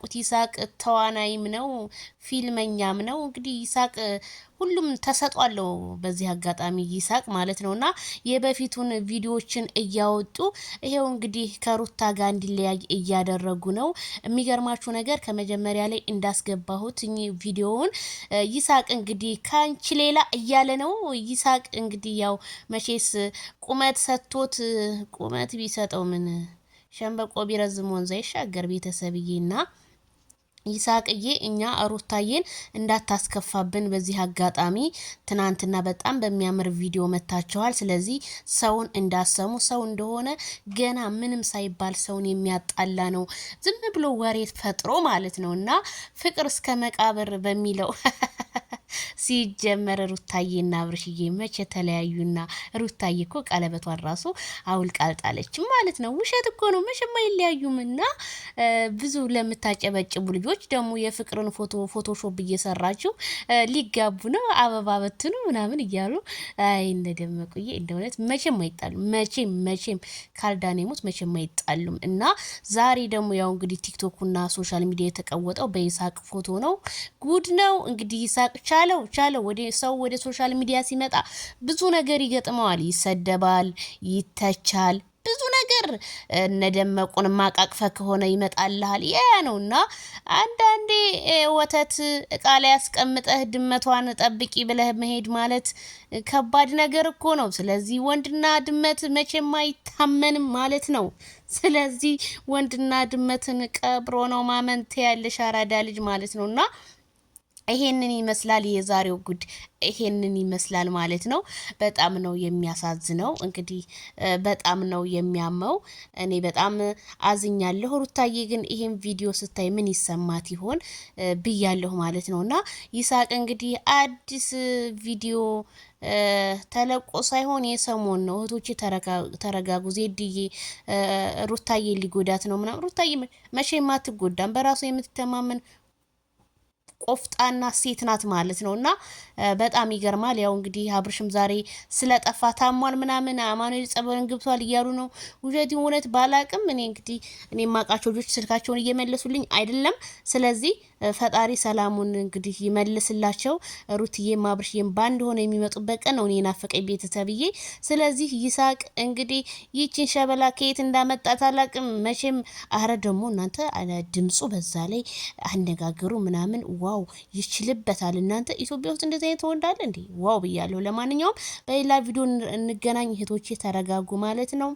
ቁት ይሳቅ ተዋናይም ነው ፊልመኛም ነው። እንግዲህ ይሳቅ ሁሉም ተሰጧለው በዚህ አጋጣሚ ይሳቅ ማለት ነው እና የበፊቱን ቪዲዮዎችን እያወጡ ይሄው እንግዲህ ከሩታ ጋር እንዲለያይ እያደረጉ ነው። የሚገርማችሁ ነገር ከመጀመሪያ ላይ እንዳስገባሁት ቪዲዮውን ይሳቅ እንግዲህ ከአንቺ ሌላ እያለ ነው። ይሳቅ እንግዲህ ያው መቼስ ቁመት ሰጥቶት ቁመት ቢሰጠው ምን ሸንበቆ ቢረዝም ወንዝ አይሻገር። ቤተሰብዬና ይሳቅዬ እኛ ሩታዬን እንዳታስከፋብን በዚህ አጋጣሚ ትናንትና በጣም በሚያምር ቪዲዮ መታችኋል። ስለዚህ ሰውን እንዳሰሙ ሰው እንደሆነ ገና ምንም ሳይባል ሰውን የሚያጣላ ነው ዝም ብሎ ወሬ ፈጥሮ ማለት ነው እና ፍቅር እስከ መቃብር በሚለው ሲጀመር ሩታዬና አብርሽዬ መቼ የተለያዩና ሩታዬ እኮ ቀለበቷን ራሱ አውልቃ አልጣለች ማለት ነው። ውሸት እኮ ነው፣ መቼም አይለያዩም። እና ብዙ ለምታጨበጭቡ ልጆች ደግሞ የፍቅርን ፎቶ ፎቶሾፕ እየሰራችሁ ሊጋቡ ነው አበባ በትኑ ምናምን እያሉ አይ እንደደመቁዬ እንደ እውነት መቼም አይጣሉም። መቼም መቼም ካልዳን የሞት መቼም አይጣሉም። እና ዛሬ ደግሞ ያው እንግዲህ ቲክቶኩና ሶሻል ሚዲያ የተቀወጠው በይሳቅ ፎቶ ነው። ጉድ ነው እንግዲህ ይሳቅ ቻ ቻለው ቻለው። ወደ ሰው ወደ ሶሻል ሚዲያ ሲመጣ ብዙ ነገር ይገጥመዋል። ይሰደባል፣ ይተቻል፣ ብዙ ነገር እነደመቁን ማቃቅፈ ከሆነ ይመጣልሃል። ያ ነው እና አንዳንዴ ወተት እቃ ላይ ያስቀምጠህ ድመቷን ጠብቂ ብለህ መሄድ ማለት ከባድ ነገር እኮ ነው። ስለዚህ ወንድና ድመት መቼም አይታመንም ማለት ነው። ስለዚህ ወንድና ድመትን ቀብሮ ነው ማመንት ያለሽ አራዳ ልጅ ማለት ነው እና ይሄንን ይመስላል የዛሬው ጉድ፣ ይሄንን ይመስላል ማለት ነው። በጣም ነው የሚያሳዝነው። እንግዲህ በጣም ነው የሚያመው። እኔ በጣም አዝኛለሁ። ሩታዬ ግን ይሄን ቪዲዮ ስታይ ምን ይሰማት ይሆን ብያለሁ ማለት ነው። እና ይሳቅ እንግዲህ አዲስ ቪዲዮ ተለቆ ሳይሆን የሰሞን ነው። እህቶች ተረጋጉ፣ ዜድዬ ሩታዬ ሊጎዳት ነው ምናምን። ሩታዬ መቼም አትጎዳም፣ በራሱ የምትተማመን ቆፍጣና ሴት ናት ማለት ነው። እና በጣም ይገርማል። ያው እንግዲህ አብርሽም ዛሬ ስለጠፋ ታሟል ምናምን አማኑኤል ጸበልን ግብቷል እያሉ ነው። ውሸት እውነት ባላቅም እኔ እንግዲህ እኔ የማውቃቸው ልጆች ስልካቸውን እየመለሱልኝ አይደለም። ስለዚህ ፈጣሪ ሰላሙን እንግዲህ ይመልስላቸው። ሩትዬም አብርሽዬም ባንድ ሆነ የሚመጡበት ቀን ነው እኔ ናፈቀኝ ቤተሰብዬ። ስለዚህ ይሳቅ እንግዲህ ይህችን ሸበላ ከየት እንዳመጣት አላቅም መቼም። አረ ደግሞ እናንተ ድምፁ በዛ ላይ አነጋገሩ ምናምን ዋ ዋው ይችልበታል። እናንተ ኢትዮጵያ ውስጥ እንደዚህ አይነት አለ እንዴ? ዋው ብያለሁ። ለማንኛውም በሌላ ቪዲዮ እንገናኝ እህቶቼ፣ ተረጋጉ ማለት ነው።